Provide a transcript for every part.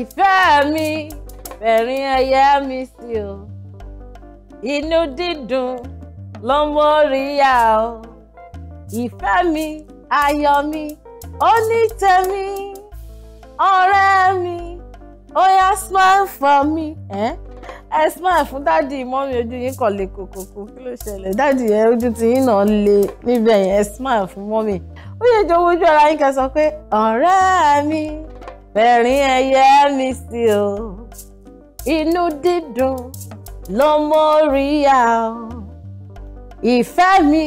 ìfẹ́ mi fẹ̀rín ẹyẹ mi sí o inú dídùn ló móríyá o ìfẹ́ mi ayọ̀ mi onítẹ̀mí ọ̀rẹ́ mi ó yá smile for me ẹ smile fún dáàdì mọ́mí ojú yín kàn lè kòkòkò kí ló ṣẹlẹ̀ dáàdì yẹn ojú ti yín náà le níbẹ̀ yẹn ẹ smile fún mọ́mí ó yẹ jọ wojú ara yín ká sọ pé ọ̀rẹ́ mi fẹ̀rín ẹyẹ mi sí o inú dídùn ló móríyá o ìfẹ́ mi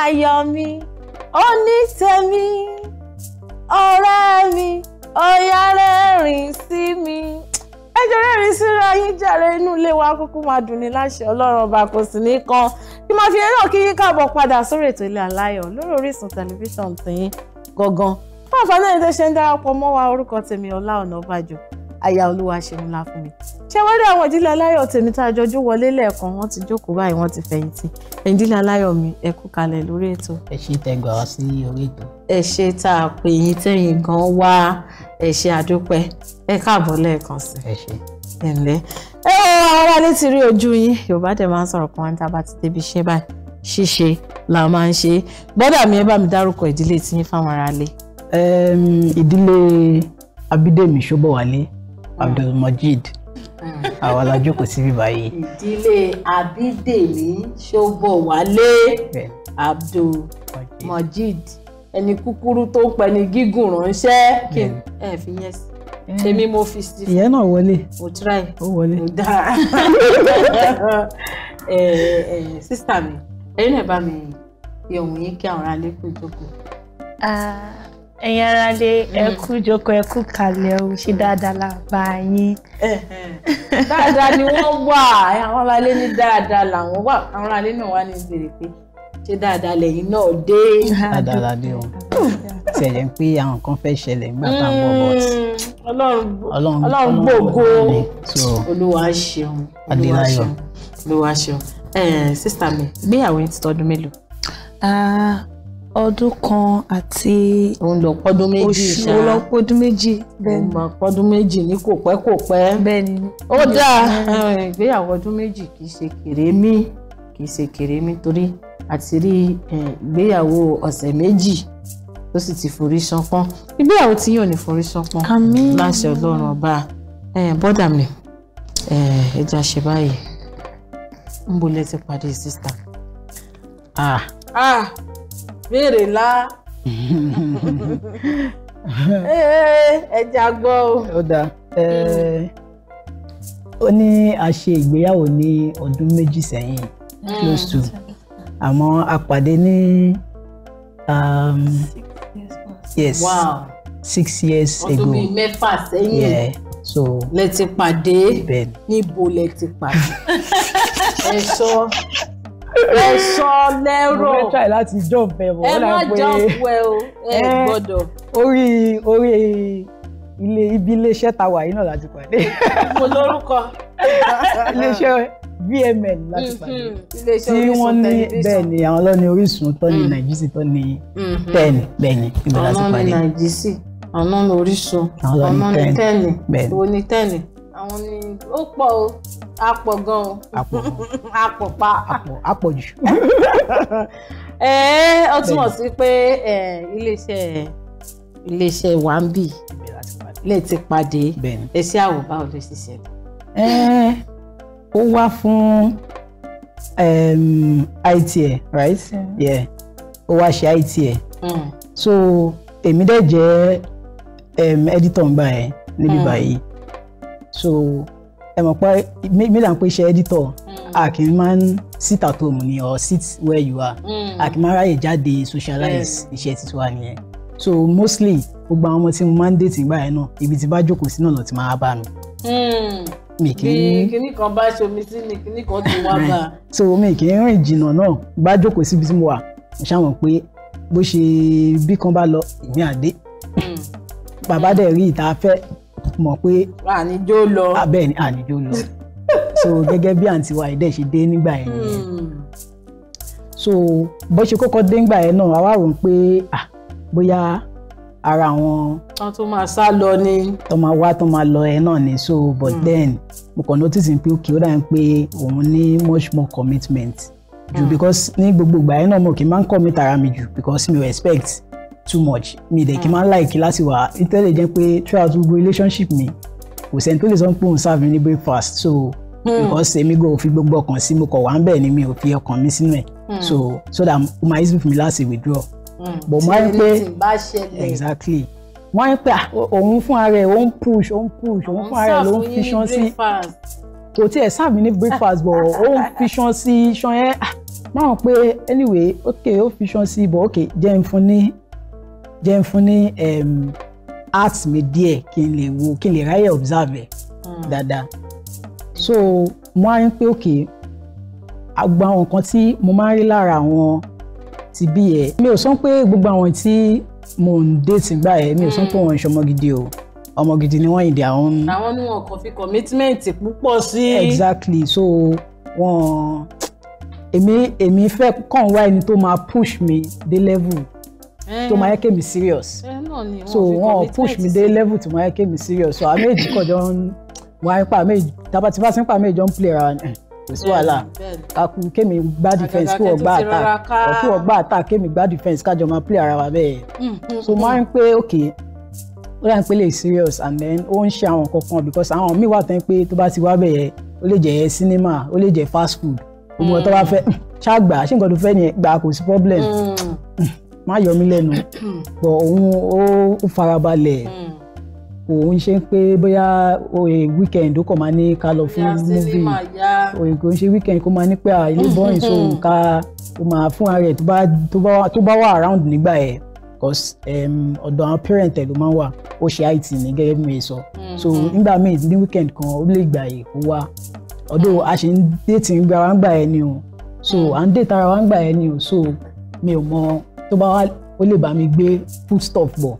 ayọ̀ mi onítẹ̀mí ọ̀rẹ́ mi ó yá rẹ́rìn sí mi ẹ jọ̀ọ́ rẹ́rìn síra yín jàre inú ilé wa kúkú máa dùn ní láṣẹ ọlọ́run ọba kò sì ní kan kí máa fi eré náà kí yín káàbọ̀ padà sórí ètò Ilé Aláyọ̀ lórí Orísun tẹlifíṣàn tìyín gangan fún àǹfààní ẹni tó ṣe ń darapọ̀ mọ́ wa orúkọ tèmi Ọlá Ọ̀nàbàjọ aya olúwa ṣeun la fún mi ṣé wọ́n rí àwọn ìdílé aláyọ̀ tèmi tá a jọjú wọlé lẹ́ẹ̀kan wọ́n ti jókòó báyìí wọ́n ti fẹ̀yìntì ìdílé aláyọ̀ mi ẹ kú kalẹ̀ lórí ètò. ẹ ṣe tẹ gbà wá sí orí ètò. ẹ ṣe tá a pè yín tẹ̀yìn gan wá ẹ ṣe àdúpẹ́ ẹ káàbọ̀ lẹ́ẹ̀kan sí. ẹ ṣe. ẹ ǹlẹ́ ẹ ara lè ti rí ojú yín yorùbá dẹ̀ máa ń sọ̀rọ̀ kan tá a bá ti débi iṣẹ́ báyìí ṣíṣe la máa ń ṣe bọ́dà mi ẹ bá mi dárúkọ ìdílé tiyín fáwọn aráalé ìdílé Abídèmí Ṣóbọ̀wálé Abdulmajid hmm. àwa la jókòó síbí báyìí. ìdílé Abídèmí Ṣóbọ̀wálé Abdulmajid ẹni kúkúrú tó ń pẹni gígùn ránṣẹ́ kí ẹ fi yẹn sí èmi hmm. mo fi sí. ìyẹn náà wọlé. mo try. ó wọlé. mo dáa. sísá mi ẹ̀yin náà bá mi fi ohùn yín kí àwọn aráàlú kú ìjókòó. Ah ẹ̀yin ara lé ẹkú mm. jókòó ẹkú kalẹ̀ o ṣe dáadáa la bá yín. dáadáa ni wọ́n wà àwọn aráalé ní dáadáa làwọn wà àwọn aráalé náà wà ní ìbéèrè pé dáadáa lẹ́yìn náà dé. dáadáa la dé o tí ń pé àwọn kan fẹ́ ṣẹlẹ̀ nígbà tá à ń bọ̀ mm, ọlọ́run ọlọ́run gbòògo olúwa ṣeun olúwa ṣeun olúwa ṣeun sísá mi gbéyàwó ti tọdún mélòó. Ah, ọdún kan àti ọdún méjì oṣù ọlọ́pọ̀dún méjì bẹ́ẹ̀ni ọdún méjì ní kò pẹ́ kò pẹ́ bẹ́ẹ̀ni ó dáa ìgbéyàwó ọdún méjì kì í ṣe kèrèmí kì í ṣe kèrèmí torí àti rí ìgbéyàwó ọ̀sẹ̀ méjì tó sì ti forí ṣánpọ́n ìgbéyàwó tí yóò ní forí ṣánpọ́n láṣẹ ọlọ́run ọba bọ́dà mi ẹ jẹ́ àṣẹ báyìí ń bolẹ̀ ti pàdé sísá. ah ah béèrè ńlá ẹja gbọ́ o. ó dáa ó ní a ṣe ìgbéyàwó ní ọdún méjì sẹ́yìn close to àmọ́ a pàdé ní um, yes wow. six years ago ọdún bíi mẹ́fà sẹ́yìn. Yeah so lẹ ti pàdé níbo lẹ ti pàdé ẹ sọ ẹ sọ lẹ́rọ̀ ẹ try láti jump ẹ bọ̀ ẹ má jump ẹ o ẹ eh, gbọ́dọ̀. orí orí ilé ibi iléeṣẹ́ ta wà yìí náà láti pàdé. mo lórúkọ. iléeṣẹ́ VMN láti mhm, pàdé tí wọ́n ní bẹ́ẹ̀ ni àwọn lọ́ni Orísun tó ní mhm. Nàìjíríà tó ní mhm. ten bẹ́ẹ̀ ni ibẹ̀ láti pàdé. àwọn ní Nàìjíríà àwọn ní Orísun àwọn ní ten bẹ́ẹ̀ ni àwọn ni ó pọ̀ o a pọ̀ gan o a pọ̀ pa a pọ̀ jù. ẹ ẹ ó túmọ̀ sí pé iléeṣẹ́ iléeṣẹ́ wambi lè ti pàdé ẹṣẹ́ àwòbá ò lè ṣiṣẹ́. ó wá fún ITA e, right yeah o wá ṣe ITA e. mm. so èmi dẹ̀ jẹ́ editor ń bá ẹ níbí mm. báyìí so ẹ mọ̀ pé mílíọ̀n pé iṣẹ́ editor hmm. a kì í máa ń sit at home ni or sit where you are hmm. a kì í máa ráyè jáde socialize iṣẹ́ títí wa nìyẹn so mostly gbogbo àwọn ọmọ tí mo máa ń date ìgbà yẹn náà ibi tí bá jókòó sí náà lọ ti máa bá mi. Hmm. mi kì í kíní kan bá ṣomi sí ni kíní kan ti wá bá. so mi kì í rìn jìnnà náà bá jókòó síbi tí mo wà mo ṣàwọn pé bó ṣe bí kan bá lọ èmi àdé bàbá dẹ̀ rí ìta fẹ́ mọ̀ pé àníjó lọ abẹ́ẹ̀ ah, ni àníjó lọ so gẹ́gẹ́ bí àǹtí wa ìdẹ́ ṣe dé nígbà yẹn hmm. so bó ṣe kọ́kọ́ dé nígbà yẹn náà àwa rò pé ah bóyá ara wọn. tán tó máa sá lọ ni. tán máa wá tán máa lọ ẹ náà ni so but mm. then mo kàn notice pé ó kì í ó dàbí pé òun ní much more commitment ju mm. because ní gbogbo ìgbà yẹn náà mo kì í máa ń commit ara mi jù because mi ò expect too much mi dẹ̀ kí n like ń láìkí láti wà nítorí jẹ́ pé throughout gbogbo relationship mi kò sẹ́ni tó lè sọ pé òun serve mi ní breakfast so hmm. because èmi go fi gbogbo ọkàn sí mo kọ̀ wá ń bẹ̀ ni mi ò fi ọkàn mi sínú ẹ̀ hmm. so so that ó máa easy fún mi láti withdraw. Hmm. but mo á rí pé exactly ah, mo á rí pé òun fúnra rẹ̀ òun push òun push òun fúnra rẹ̀ ló ń fi ṣan sí kò tiẹ̀ serve mi ní breakfast but ó ń fi ṣan sí ṣan yẹn ah, máa ń pé anyway ok ó fi ṣan sí but ok jẹ́ n fún ní jẹ́ ń fún ní art mi díẹ̀ kí n lè wo kí n lè ráyè observe ẹ̀ hmm. dáadáa so mo á rí pé òkè àgbà àwọn nǹkan tí mo máa ń rí lára àwọn ti bí ẹ mi ò sọ pé gbogbo àwọn tí mo ń déètì gbà ẹ mi ò sọ pé hmm. wọn ń ṣọmọ gidi o ọmọ gidi ni wọn ìdí àwọn. àwọn ni wọn kàn fi commitment púpọ̀ sí. exactly so wọn èmi èmi fẹ́ kàn wá ẹni tó máa push mi dé level tó máa yẹ eh. kémi serious eh, so wọn push mi dé level tó máa yẹ kémi serious so àwọn méjì kọ̀ jọ ń wá ipa méjì tabatifá sí ipa méjì jọ ń play around. ẹ̀ eh, kò sí wàhálà kakú kémi gbá defence kí wọ́n gbá attack kí wọ́n gbá attack kémi gbá defense. kájọ máa play ara wa bẹ́ẹ̀ mm-hmm. so máa ń pé okay ó dà ń pé lè serious and then ó ń ṣe àwọn kankan because àwọn míì wà tán pé tó bá ti wá bẹ̀yẹ ó lè jẹ́ cinema ó lè jẹ́ fast food gbogbo ọ̀tọ́ bá fẹ́ mm. ṣáà gbà ṣé nǹkan tó fẹ́ yẹn gbà kò sí problem mm. Mm má yọ mí lẹ́nu hmm. bọ̀ òun ó farabalẹ̀ hmm. òun ṣe ń pé bóyá oye eh, weekend ó kàn máa ní ká lọ fún movie oye kò ń ṣe weekend kó máa ní pé ilé bọ́yìn so nǹka ó máa fúnra rẹ̀ tó bá wà around nígbà yẹn because ọ̀dọ̀ àwọn parent ẹ̀ ló máa ń wà ó ṣe IT ní gẹ́gẹ́ bí mi sọ hmm, so nígbà míì ní weekend kan ó lè gbà yìí kó wá although a ṣe ń déètì ń gbà wá ń gbà yẹn ni o so à ń déètì ara wá ń gbà yẹn ni o so mi ò mọ tó bá wá ó lè bá mi gbé foodstuff bọ̀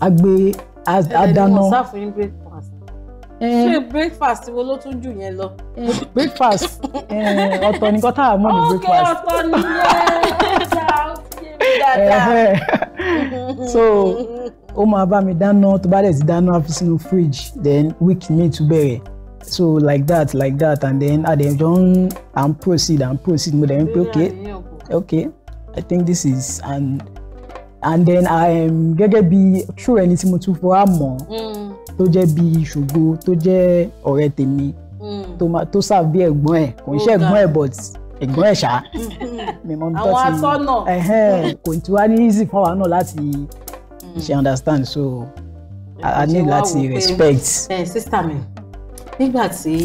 a gbé a dáná ṣe breakfast eh. breakfast. wo ló tún jù yẹn lọ. Eh, breakfast eh, ọ̀tọ̀ nìkan tá a mọ̀ ní breakfast. ok ọ̀tọ̀ nìyẹn so ó máa bá mi dáná tó bá dẹ̀ ti dáná á fi sínú fridge then week mi tún bẹ̀rẹ̀ so like that like that and then I dẹ̀ jọ ń proceed à proceed mo dẹ̀ ń pé ok ok. I think this is and and then um, gẹ́gẹ́ bí true ẹni tí mo tún fọwọ́ mọ̀ hmm. tó jẹ́ bí ṣògo tó jẹ́ ọ̀rẹ́ tèmi hmm. tó serve bí ẹ̀gbọ́n ẹ̀ kò ń ṣe oh, ẹ̀gbọ́n ẹ̀ but ẹ̀gbọ́n ẹ̀ ṣá mímọ́ hmm. tó ti kò tí wá ní easy fún wa náà láti ṣe understand so a ní láti respect. Eh, sísá mi nígbà tí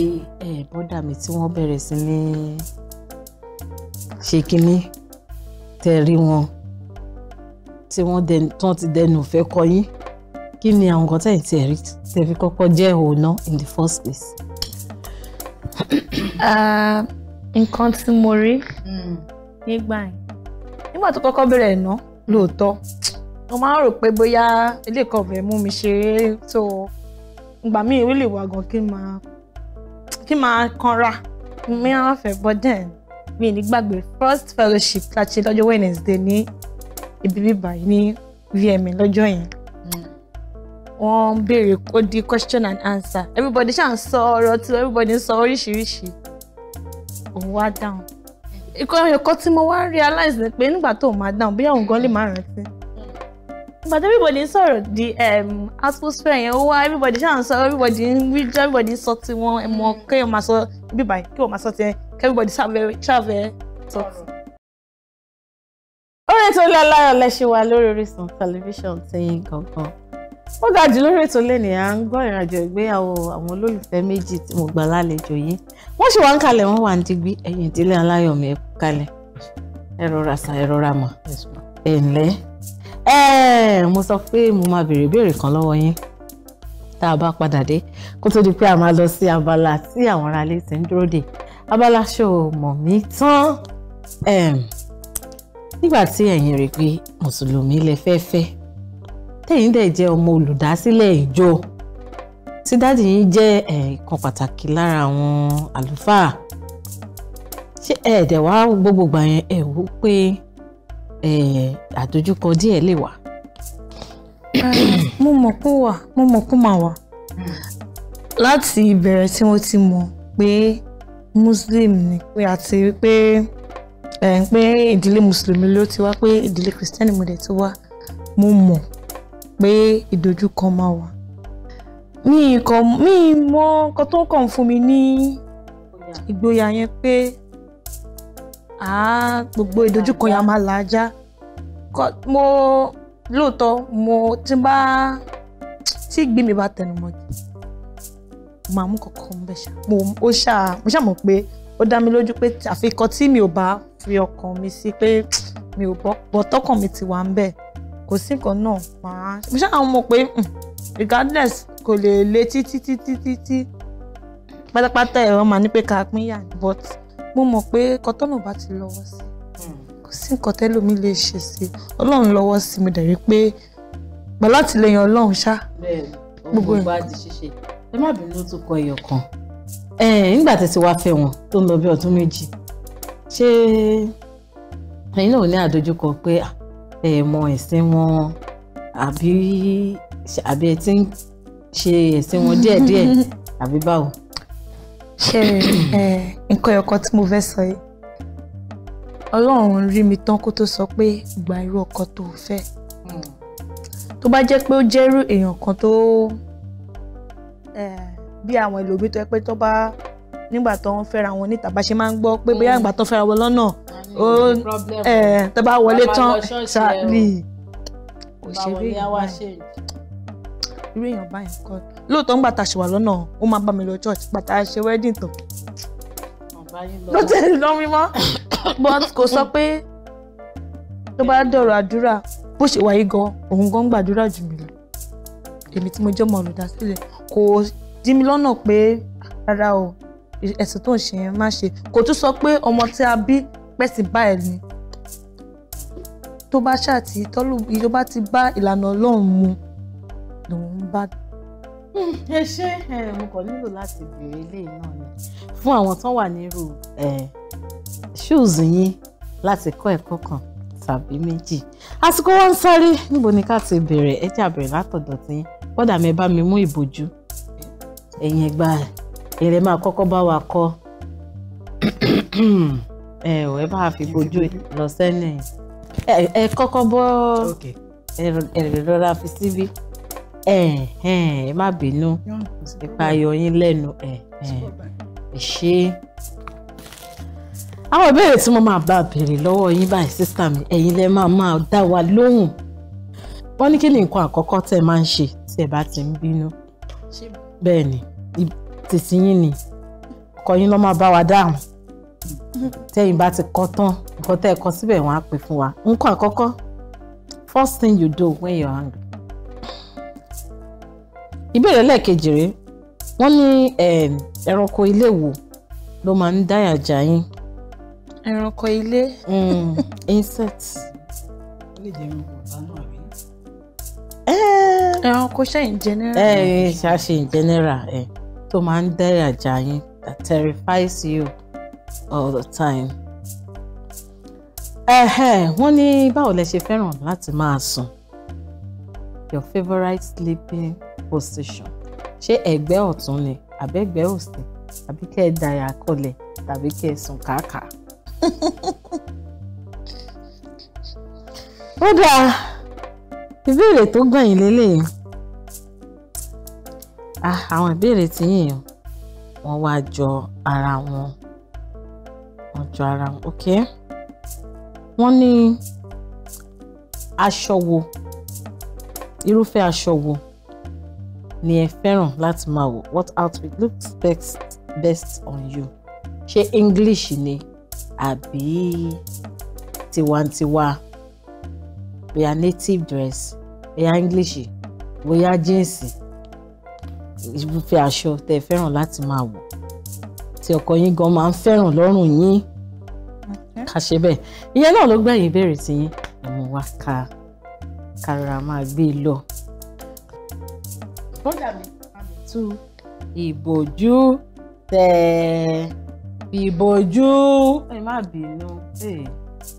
eh, bọ́dà mi tí wọ́n bẹ̀rẹ̀ sí ní ṣe kínní tẹ rí wọn tí wọ́n ti dẹnu ìfẹ́ kọ yín kí ni àwọn nǹkan tẹ̀yìn tí ẹ̀rí tẹ̀ fi kọ́kọ́ jẹ́ òun náà in the first place. Ah, nǹkan tí mo rí hmm. nígbà yẹn nígbà tó kọ́kọ́ bẹ̀rẹ̀ ná lóòótọ́ mo máa ń rò pé bóyá ilé kan fẹ́ mú mi ṣeré tó ìgbà míì ó lè kí n máa kí n máa kanra mi á fẹ́ bọ́ dẹ̀ mi ní gbàgbé first fellowship la ṣe lọ́jọ́ wednesday ní ibi bíbá ní vm lọ́jọ́ yẹn wọ́n béèrè kó di question and answer everybody ṣáà ń sọ ọ̀rọ̀ tí everybody ń sọ oríṣiríṣi òun wá dáhùn ìkọ́ tí mo wá realize ni pé nígbà tó máa dáhùn bóyá òun gan lè má rántí nígbà tí everybody ń sọ̀rọ̀ di atmosphere yẹn ó wá everybody ṣáà ń sọ everybody ń wíjọ́ everybody ń sọ tiwọn ẹ̀mọ́ kéèyàn máa sọ bíbá kéèyàn máa sọ tiẹ̀ everybody serve ẹ serve ẹ talk. orí ètò ilé aláyọ̀ lẹ́sìn wa lórí Orísun tẹlifíṣàn tẹ̀yìn gangan ó ga jù lórí ètò lẹ́nì à ń gbọ́ ìrìnàjò ìgbéyàwó àwọn olólùfẹ́ méjì tí mo gbà lálejò yìí wọ́n sì wá ń kalẹ̀ wọ́n wà ń digbí ẹ̀yìn ìdílé aláyọ̀mí ẹ̀kú kalẹ̀ ẹ rọra sàn ẹ ǹlẹ́ ẹ̀ mo sọ pé mo máa béèrè ìbéèrè kan lọ́wọ́ yín tá a bá padà dé kó tó di pé a máa lọ sí abala tí àwọn aráalé ti ń dúró dè abala ṣó mọ̀ mí tán nígbà tí ẹ̀yin rè pé mùsùlùmí lè fẹ́ fẹ́ tẹ̀yin dẹ̀ jẹ́ ọmọ olùdásílẹ̀ ìjọ tí dáàdì yín jẹ́ ẹ̀ẹ̀kan pàtàkì lára àwọn àlùfáà ṣé ẹ̀ẹ́dẹ̀ wá gbogbo gbà yẹn ẹ̀ wò pé àdójúkọ díẹ̀ lè wà. mo mọ̀ kó wà mo mọ̀ kó máa wà hmm. láti ìbẹ̀rẹ̀ tí mo ti mọ̀ pé muslim ni pé àti pé ẹ̀ ń pé ìdílé mùsùlùmí ló ti wá pé ìdílé kìrìsìtẹ́nì mo dẹ̀ ti wá mo mọ̀ pé ìdojúkọ máa wà mi nǹkan mi mọ nǹkan tó ń kàn fún mi ní ìgboyà yẹn pé àá gbogbo ìdojúkọ yẹn a máa là á já mo lóòótọ́ mo ti bá tí ìgbín mi bá tẹnu mọ́ jù máa mú kankan bẹ́ẹ̀ ṣá mo ó ṣá mo ṣá mọ̀ pé ó dá mi lójú pé àfikọ́ tí mi ò bá fi ọkàn mi sí pé mi ò bọ́ bọ́ tọkàn mi ti wà ń bẹ̀ kò sí nǹkan náà máa mo ṣá mọ̀ pé hmm, regardless kò lè le títí títí títí pátápátá ẹ̀rọ máa ní pé ká pín yà but mo mọ̀ pé kọ́tọ́nù bá ti lọ́wọ́ sí kò sí nǹkan tẹ́lómi lè ṣe sí ọlọ́run lọ́wọ́ sí mo dẹ̀ rí pé pẹ̀lú àtìlẹyìn ọlọ́run ṣá. gbogbo nǹkan ẹ má bínú ó tún kọ ẹyọ kan nígbà tẹ̀sí wá fẹ́ wọn tó ń lọ bí ọdún méjì ṣé ẹ̀yin náà ní àdójúkọ pé ẹ mọ ẹ̀sìn wọn àbí àbí ẹ ti ń ṣe ẹ̀sìn wọn díẹ̀díẹ̀ àbí báwo. ṣe nǹkan ẹ̀kọ́ tí mo fẹ́ sọ yìí ọlọ́run rí mi tán kó tó sọ pé gba irú ọkọ tó fẹ́ hmm. tó bá jẹ́ pé ó jẹ́rú èèyàn kan tó. Tó bí àwọn ẹlòmíì tó yẹ pé tó bá nígbà tó ń fẹ́ra wọn níta bá ṣe máa ń gbọ́ pé bóyá ìgbà tó ń fẹ́ra wọn lọ́nà ó mm, tó bá wọlé tán ṣáàlì òṣèré irú èèyàn báyìí kọ́ lóòótọ́ ńgbà tá a ṣe wà lọ́nà ó máa bá mi lọ church bàtà ṣe wedding tán ló tẹ̀lé lọ mímọ́ but kò sọ pé tó bá dọ̀rọ̀ àdúrà bó ṣe wáyé gan òun gan gbàdúrà jù mí lọ èmi tí mo jẹ́ ọmọ olùdásílẹ̀ kò dí mi lọ́nà pé rárá o ẹ̀sìn tó ń ṣe yẹn má ṣe kò tún sọ pé ọmọ tí a bí pẹ̀sì báyìí ni tó bá ṣàtì tọ́lù ìjọba ti bá ìlànà ọlọ́run mu lòun bá. Hmm, ẹ ṣe mo kàn nílò láti béèrè eléyìí náà ni fún àwọn tán wà nírú shoes yín láti kọ́ ẹ̀kọ́ kan tàbí méjì àsìkò wọn ń sáré níbo ni ká ti bẹ̀rẹ̀ ẹ jà látọ̀dọ̀ tí yín bọ́dà mi bá mi mú ìbòjú Eyin gbaa, ẹ̀rẹ̀ máa kọ́kọ́ bá wa kọ́ ẹ ò ẹ bá fi bojú lọ sẹ́yìn ẹ kọ́kọ́ bọ́ fi síbí ẹ ẹ má bínú lẹ́nu ẹ ẹ ṣe àwọn ìbéèrè tí mo máa bá lọ́wọ́ yín báyìí sísá mi ẹ̀yin máa máa wa lóhùn wọ́n ní kí ni nǹkan àkọ́kọ́ tẹ̀ tí bá ti ń bínú bẹ́ẹ̀ ni. títí yín ni ọkọ yín máa bá wa dáhùn tẹ́yìn bá ti kọ́ tán nǹkan tẹ́ ẹ kọ síbẹ̀ wọ́n á pè fún wa nǹkan àkọ́kọ́ first thing you do when you're hungry. ìbéèrè lẹ́ẹ̀kejì rèé wọ́n ní ehm, ẹranko ilé wo ló máa ń dáyà jà yín. ẹranko ilé. Hmm, insect. ẹranko eh. ṣe in general. ẹ eh, ẹ ṣe in general. Eh tó máa ń dẹ́yà jà yín that terrifies you all the time. wọ́n ní báwo lẹ ṣe fẹ́ràn láti máa sùn your favourite sleeping position ṣé ẹ̀gbẹ́ ọ̀tún ni àbẹ́gbẹ́ òsì àbí kẹ́ ẹ dàyà kọlẹ̀ tàbí kẹ́ ẹ sùn kàákàá. ó dáa ìbéèrè tó gbẹ̀yìn lélẹ́yìn. Ah, àwọn ìbéèrè tí yìnyín wọ́n wá jọ ara wọn wọ́n jọ ara wọn ok wọ́n ní aṣọ wo irúfẹ́ aṣọ wo ni ẹ fẹ́ràn láti máa wọ̀ what outfit looks best, best on you ṣé English ni àbí tiwantiwa bóyá native dress bóyá English bóyá jeans irúfẹ́ aṣọ tẹ́ ẹ fẹ́ràn láti máa wọ̀ tí ọkọ yín gan máa ń fẹ́ràn lọ́rùn yín ká ṣe bẹ́ẹ̀ ìyẹn náà ló gbẹ̀yìn ìbéèrè tí yín ẹ̀mú wa ká kára máa gbé e lọ. bọ́dà mi tú ìbòjú tẹ̀ ìbòjú ẹ má bínú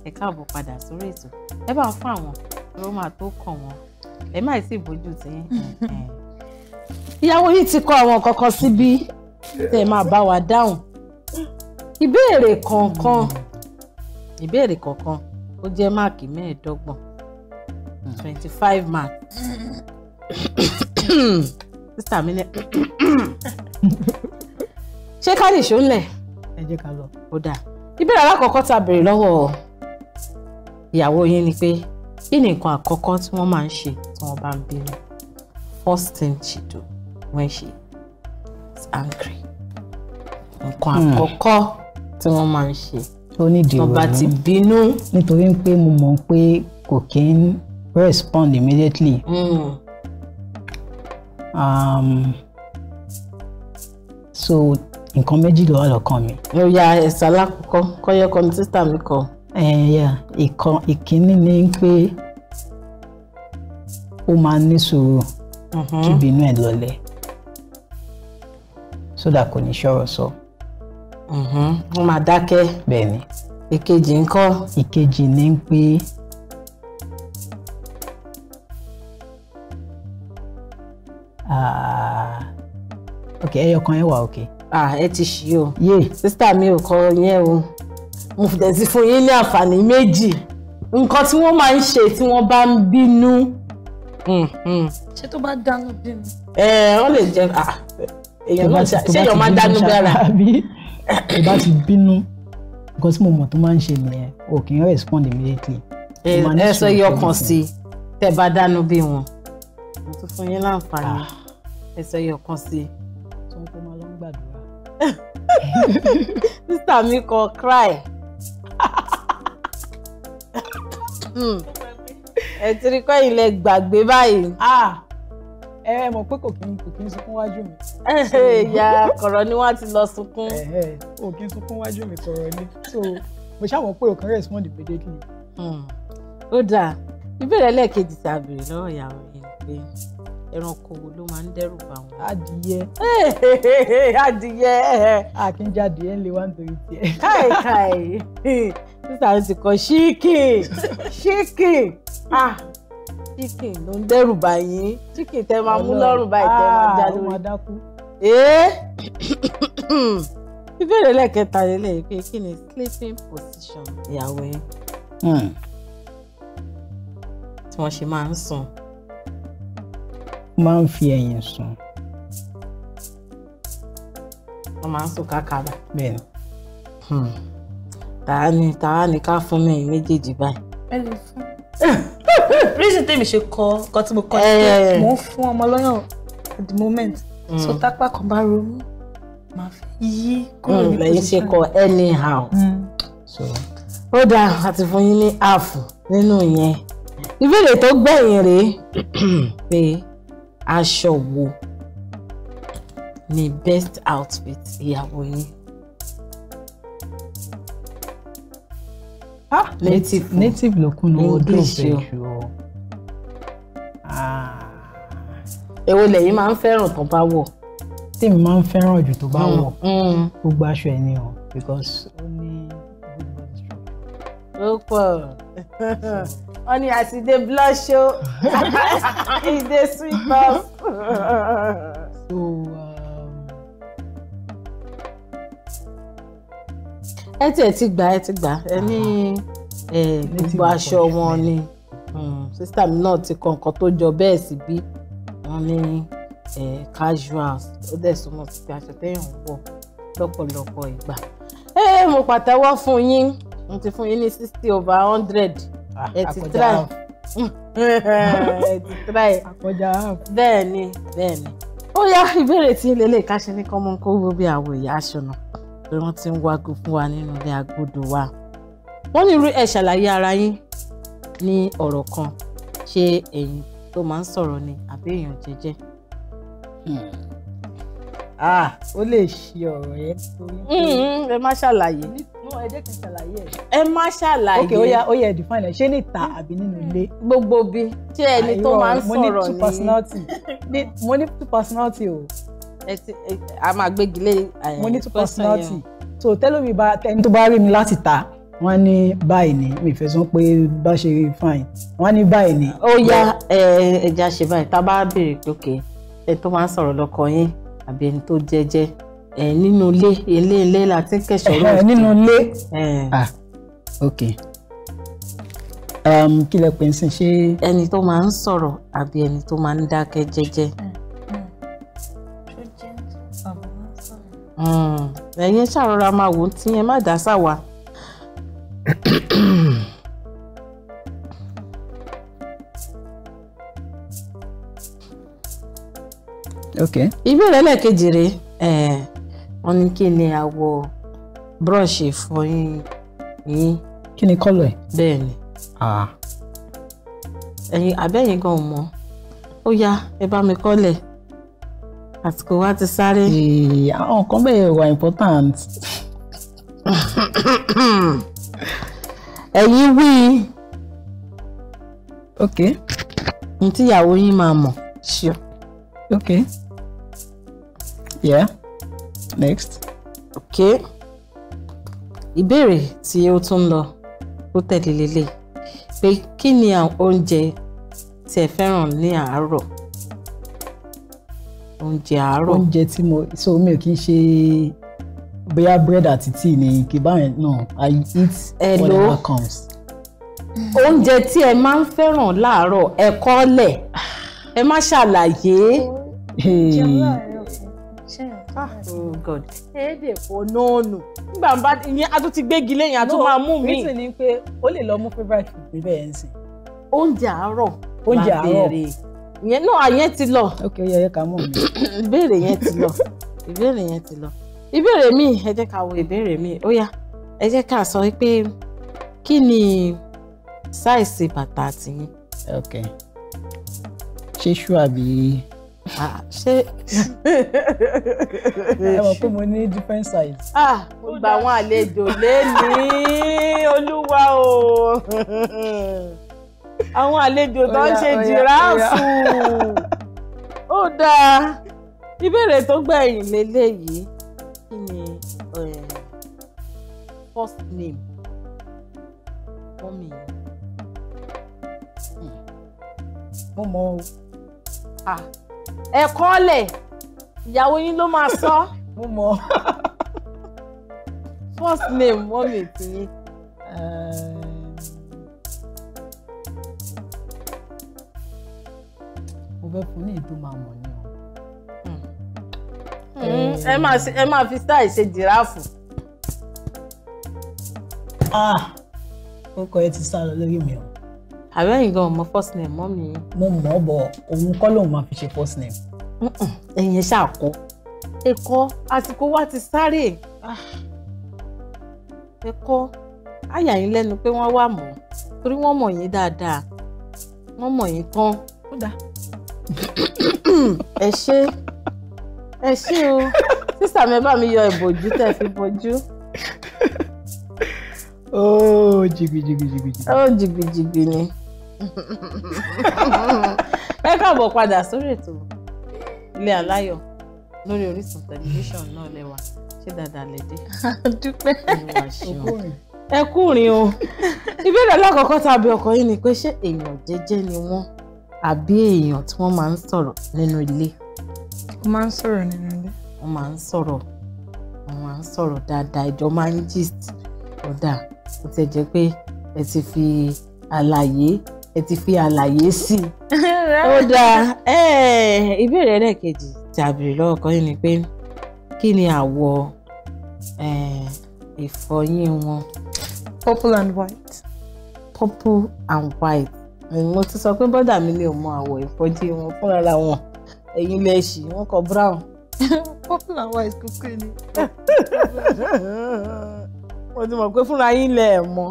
ẹ káàbọ̀ padà sórí ètò ẹ bá ń fún àwọn ló máa tó kàn wọ́n ẹ má sì bójú tì ìyàwó yìí ti kọ àwọn kankan síbí tẹ máa bá wa dáhùn ìbéèrè kọ̀ọ̀kan ìbéèrè kọ̀ọ̀kan ó jẹ́ máàkì mẹ́ẹ̀ẹ́dọ́gbọ̀n hmm. twenty five mark sísá mi ní ṣé ká nìṣó ńlẹ̀ ẹ jẹ́ ká lọ ó dáa ìbéèrè alákọ̀ọ́kọ́ tá béèrè lọ́wọ́ ìyàwó yín ni pé kí ni nǹkan àkọ́kọ́ tí wọ́n máa ń ṣe tí wọ́n bá ń bínú first thing she do when she is angry nǹkan hmm. àkọ́kọ́ tí wọ́n máa ń ṣe ó ní ìdíwọ́ tó bá ti bínú. nítorí pé mo mọ̀ pé kò kí ń respond immediately. Mm. Um, so nǹkan méjì ló wà lọ́kàn mi. ó ya ẹ̀sà lákòókò kọ́yọ́ kan títà mi kọ. ẹ̀yà ìkíní ni pé ó máa ní sùúrù mm-hmm. kí ìbínú ẹ̀ lọlẹ̀ sódà kò ní ṣọ̀rọ̀ sọ. wọ́n mm-hmm. máa dákẹ́. bẹ́ẹ̀ ni. èkejì ń kọ́. ìkejì ni ń pé. Ah, ok ẹyọ kan ẹ wà òkè. Ah, ẹ ti ṣí o. yé sísítà mi ò kọ yẹn o mo fìdẹ̀ sí fún yín ní àǹfààní méjì nǹkan tí wọ́n máa ń ṣe tí wọ́n bá ń bínú. Mm-hmm. ṣé tó bá dáná bínú. ẹ eh, ọ lè jẹ ah, èèyàn náà ṣé èèyàn máa dánú gbára. tó bá ti bínú nǹkan tí mo mọ̀ tó máa ń ṣe nìyẹn o kì í respond immediately. ẹ sọ iye ọkàn sí i tẹ bá dánú bí wọn mo tún fún yín láǹfààní ah. ẹ sọ iye ọkàn sí i. tó ń kó máa lọ ń gbàdúrà. sísá mi kọ cry. Hmm. ẹ ti rí kọ́ ilẹ̀ gbàgbé báyìí. Ah ẹ mọ̀ pé kò kí n kò kí n sunkún wájú mi. ìyá kọ̀rọ̀ ni wọ́n ti lọ sunkún. kò kí n sunkún wájú mi kọ̀rọ̀ ni so mo ṣàmọ̀ pé o kàn respond pédé kí mi. ó dáa ìbéèrè lẹ́ẹ̀kejì tá a béèrè lọ́wọ́ ìyàwó yẹn pé ẹranko wo ló máa ń dẹ́rù bà wọ́n. adìyẹ. adìyẹ. a kì í jẹ adìyẹ ńlẹ wá nítorí tiẹ. káì káì sísá ṣíkì ṣíkì ah chicken ló ń dẹ́rù bà chicken tẹ máa mú lọ́rùn báyìí tẹ máa já ah, lórí. ìbéèrè lẹ́ẹ̀kẹta lélẹ̀ yìí pé kí ni sleeping position ìyàwó yín hmm. tí wọ́n ṣe máa ń sùn. máa ń fi ẹ̀yìn sùn. wọ́n máa ń sùn kákàrà. bẹ́ẹ̀ni. Hmm. tàá ni tàá ni ká fún mi méjèèjì báyìí. ẹ lè fún. reason tèmi ṣe kọ nǹkan tí mo kọ ṣe eh. mò ń fún ọmọ lọ́yàn at the moment mm. so tápá kan bá ro mí màá fi yí kúrò mm, ní position. lẹ́yìn ṣe kọ anyhow. Mm. ó dáa àti fún yín ní half nínú yẹn ìbéèrè tó gbẹ̀yìn rèé pé aṣọ wo ni best outfit ìyàwó yín. ah native native ló kún lówó english Ah, èwo lẹ́yìn máa ń fẹ́ràn tó bá wọ̀. tèmi máa ń fẹ́ràn jù tó bá mm, wọ̀ mm. gbogbo aṣọ ẹ̀ ni o because ó ní ó pọ̀ wọ́n ní àti dé blush o ìdè sweet pop. so ẹ tiẹ̀ ti gbà ẹ ti gbà ẹ ní gbogbo aṣọ wọn ni hmm, sísítà mi náà ti kọ nǹkan tó jọ bẹ́ẹ̀ sí bí wọ́n ní casuals ó dẹ̀ súnmọ́ sí pé aṣọ tẹ́yìn wọ̀ lọ́pọ̀lọpọ̀ ìgbà. ẹ mo pàtẹ́wọ́ fún yín mo ti fún yín ní sixty over hundred ah, ẹ ti try ẹ ti try bẹ́ẹ̀ ni bẹ́ẹ̀ ni ó yá ìbéèrè tí ilé ilé ìkáṣe ní kọ́mọ́ńkó wo bí àwọn ìyá aṣọ náà torí wọ́n ti ń wágò fún wa nínú ilé agbódò wa wọ́n ní irú ẹ̀ ṣàlàyé ara yín ní ọ̀rọ̀ kan ṣé ẹ̀yin tó máa ń sọ̀rọ̀ ni àbí èèyàn jẹ́jẹ́. Hmm. Ah, ó lè ṣe ọ̀rọ̀ yẹn hmm, hmm, ẹ má ṣàlàyé. ẹ má ṣàlàyé. ok ó yẹ ó yẹ define ẹ ṣé níta àbí nínú ilé. gbogbo bi ṣé ẹni tó máa ń sọ̀rọ̀ ni. mo ní two personality o a máa gbégi lé mo ní two personality so tẹ́lómi bá tẹni tó bá rí mi láti ta wọ́n ní báyìí ni mi fẹ́ pé bá ṣe fine wọ́n ní báyìí ni. ó yá ẹja ṣe báyìí tá a bá béèrè pé òkè ẹ tó máa ń sọ̀rọ̀ lọ́kọ yín àbí ẹni tó jẹ́jẹ́ ẹ nínú ilé ilé ilé la ti ń kẹ̀sọ̀rọ̀ nínú ilé. ah ok um, kí lẹ pè ń sìn ṣe. ẹni tó máa ń sọ̀rọ̀ àbí ẹni tó máa ń dákẹ́ jẹ́jẹ́. Mm. ẹ̀yin ṣàrọ̀ra máa wò ó tí yẹn má dá sáwa. okay. ìbéèrè lẹ́ẹ̀kejì rèé wọ́n ní kí ni àwọ̀ brush ìfọyín yín. kí ni kọ́lọ̀ ẹ̀. bẹ́ẹ̀ ni. ẹ̀yin gan-an mọ́ ó àsìkò wa ti sáré. àwọn nǹkan bẹ́ẹ̀ wà important. ẹ̀yin wí ok ní tíyàwó yín máa mọ̀ ṣíọ. ok yeah next. ok ìbéèrè tí ó tún ń lọ ó tẹ̀lé lélẹ̀ pé kí ni oúnjẹ tí ẹ fẹ́ràn ní àárọ̀ oúnjẹ àárọ̀. oúnjẹ tí mo so mi ò kí ń ṣe bóyá bread àti tea ni kì í báyẹn náà i eat Hello. whatever comes. oúnjẹ tí ẹ máa ń fẹ́ràn láàárọ̀ ẹ kọ́ lẹ̀ ẹ má ṣàlàyé. jẹun hmm. láàárọ̀ oh, god. èdè kò nóònù. nígbà bá ìyẹn a tún ti gbégi lẹ́yìn a tún máa mú mi. reason ni pé o lè lọ mú favourite food bẹ́ẹ̀ ń sìn. oúnjẹ àárọ̀. oúnjẹ àárọ̀ yẹn náà àyẹn ti lọ. ok ó yẹ ẹ ká mọ̀ mi. ìbéèrè yẹn ti lọ ìbéèrè yẹn ti lọ ìbéèrè mi ẹ jẹ́ ká wo ìbéèrè mi ó yá ẹ jẹ́ ká sọ pé kí ni sáìsì bàtà tiyín. ok ṣé ṣú àbí. ṣé. ẹ mọ̀ pé mo ní different size. ah mo gba àwọn àlejò lẹ́ni olúwa o àwọn àlejò tó ń ṣe jìráàfù ó dáa ìbéèrè tó gbẹ̀yìn lélẹ́yìí kí ni eh, first name mọ́mì hmm. mo mọ̀ o. ẹ̀kọ́ lẹ̀ ìyàwó yín ló máa sọ. mo mọ̀. first name mọ́mì tiyín. Uh... Eh, fẹ́ fún ní ìtò máa mọ̀ ni o. Hmm. Hmm. ẹ máa fi style ṣe jìráàfù. Ah! orúkọ yẹn ti sá lọ lórí mi o. àbẹ́ yìí gan first name mọ́ mi. mo mọ̀ ọ́ bọ̀ òun kọ́ lòun máa fi ṣe first name. ẹ̀yin ẹ̀ ṣáà kọ́ ẹ̀kọ́ àsìkò wa ti sáré ah! ẹ̀kọ́ àyà yín lẹ́nu pé wọ́n wà mọ́ torí wọ́n mọ̀ yín dáadáa wọ́n mọ̀ yín tán. ó dáa ẹ ṣe ẹ ṣe o sísà mi bá mi yọ ìbòjú tẹ fi bojú. ooo jìgbìjìgbìjìgbì. ooo jìgbìjìgbì ni. ẹ káàbọ̀ padà sórí ètò ilé aláyọ̀ lórí Orísun tẹlifíṣàn náà lẹ́wà ṣé dáadáa lè dé. dúpẹ́ ẹ kúrin o ìbéèrè alákọ̀ọ́kọ́ tàbí ọkọ yìí ni pé ṣé èèyàn jẹ́jẹ́ ni wọ́n àbí èèyàn tí wọ́n máa ń sọ̀rọ̀ nínú ilé. wọ́n máa ń sọ̀rọ̀ nínú ilé. wọ́n máa ń sọ̀rọ̀ wọ́n máa ń sọ̀rọ̀ dáadáa ìjọ máa ń gist ọ̀dà ó tẹ̀ jẹ́ pé ẹ ti fi àlàyé ẹ ti fi àlàyé sí i. ó dáa ìbéèrè ẹlẹ́ẹ̀kejì tàbí lọ́wọ́ yìí ni pé kí ni àwọ̀ ìfọyín wọn. purple and white. purple and white mo ti sọ pé bọ́dà mi lè mọ àwọ̀ ìfọ́jú wọn fúnra la wọn ẹ̀yin lẹ ṣì wọ́n kọ brown. popular white kúkú ni. mo ti mọ̀ pé fúnra yín lẹ ẹ̀ mọ́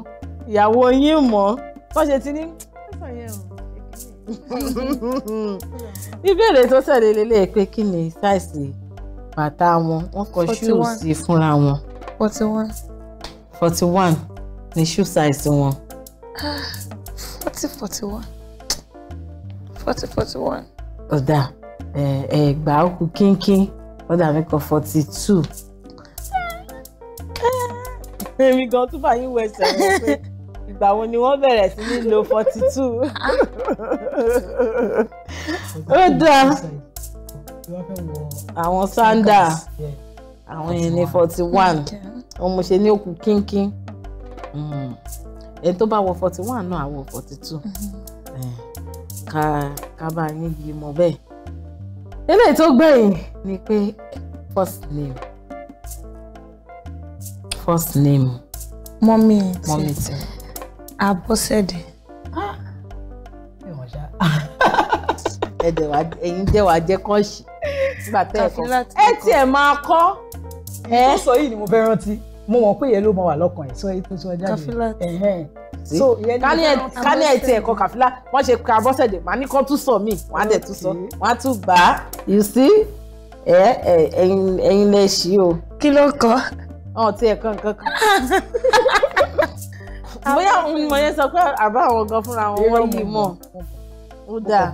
ìyàwó yín mọ́ wọ́n ṣe ti ní. ìbéèrè tó tẹ̀lé lélẹ̀ pé kí ni ṣáìsì bàtà wọn wọ́n kọ ṣúù sí fúnra wọn. forty one. forty one ni ṣúù ṣáìsì wọn. Ah forty forty one forty forty one. ọ̀dà ẹ̀ẹ́gbà ó kú kínkín ọ̀dà mi kan forty two. èmi gan tún fàyín wọ ẹsẹ̀ wọn pé ìgbà wo ni wọ́n bẹ̀rẹ̀ sí ní lo forty two. ó dáa àwọn sanda àwọn yẹn ní forty one ọmọ ṣe ní òkú kínkín. Hmm ẹni tó bá wọ forty one náà àwọ forty two ká ká bá yín yí mọ bẹ́ẹ̀ eléyìí tó gbẹ̀yìn ni pé first name first name. mọ́mí tí mọ́mí tí. abọ́sẹ̀dé. ẹ̀dẹ̀ wa ẹ̀yin jẹ́ wa jẹ́ kọ́ọ̀ṣì nígbà tẹ́ ẹ̀kọ́ ẹ tiẹ̀ máa kọ́. ìgbésọ̀ yìí ni mo fẹ́ rántí mo mọ̀ pé yẹn ló máa wà lọ́kàn ẹ̀ sọ èyí tó sọ jáde kàfílà so ìyẹn ní kání ẹ̀ kọ kàfílà wọ́n ṣe ka bọ́sẹ̀dẹ̀ màá ní kọ́ tún sọ mí wọ́n á dẹ̀ tún sọ wọ́n á tún gbà á you see ẹ ẹ ẹyin lẹ ṣí o. kí ló kọ. ọ̀hún tiẹ̀ kan kan kan bóyá mo yẹn sọ pé àbá àwọn gan fúnra wọn wọ́n yìí mọ̀ ó dáa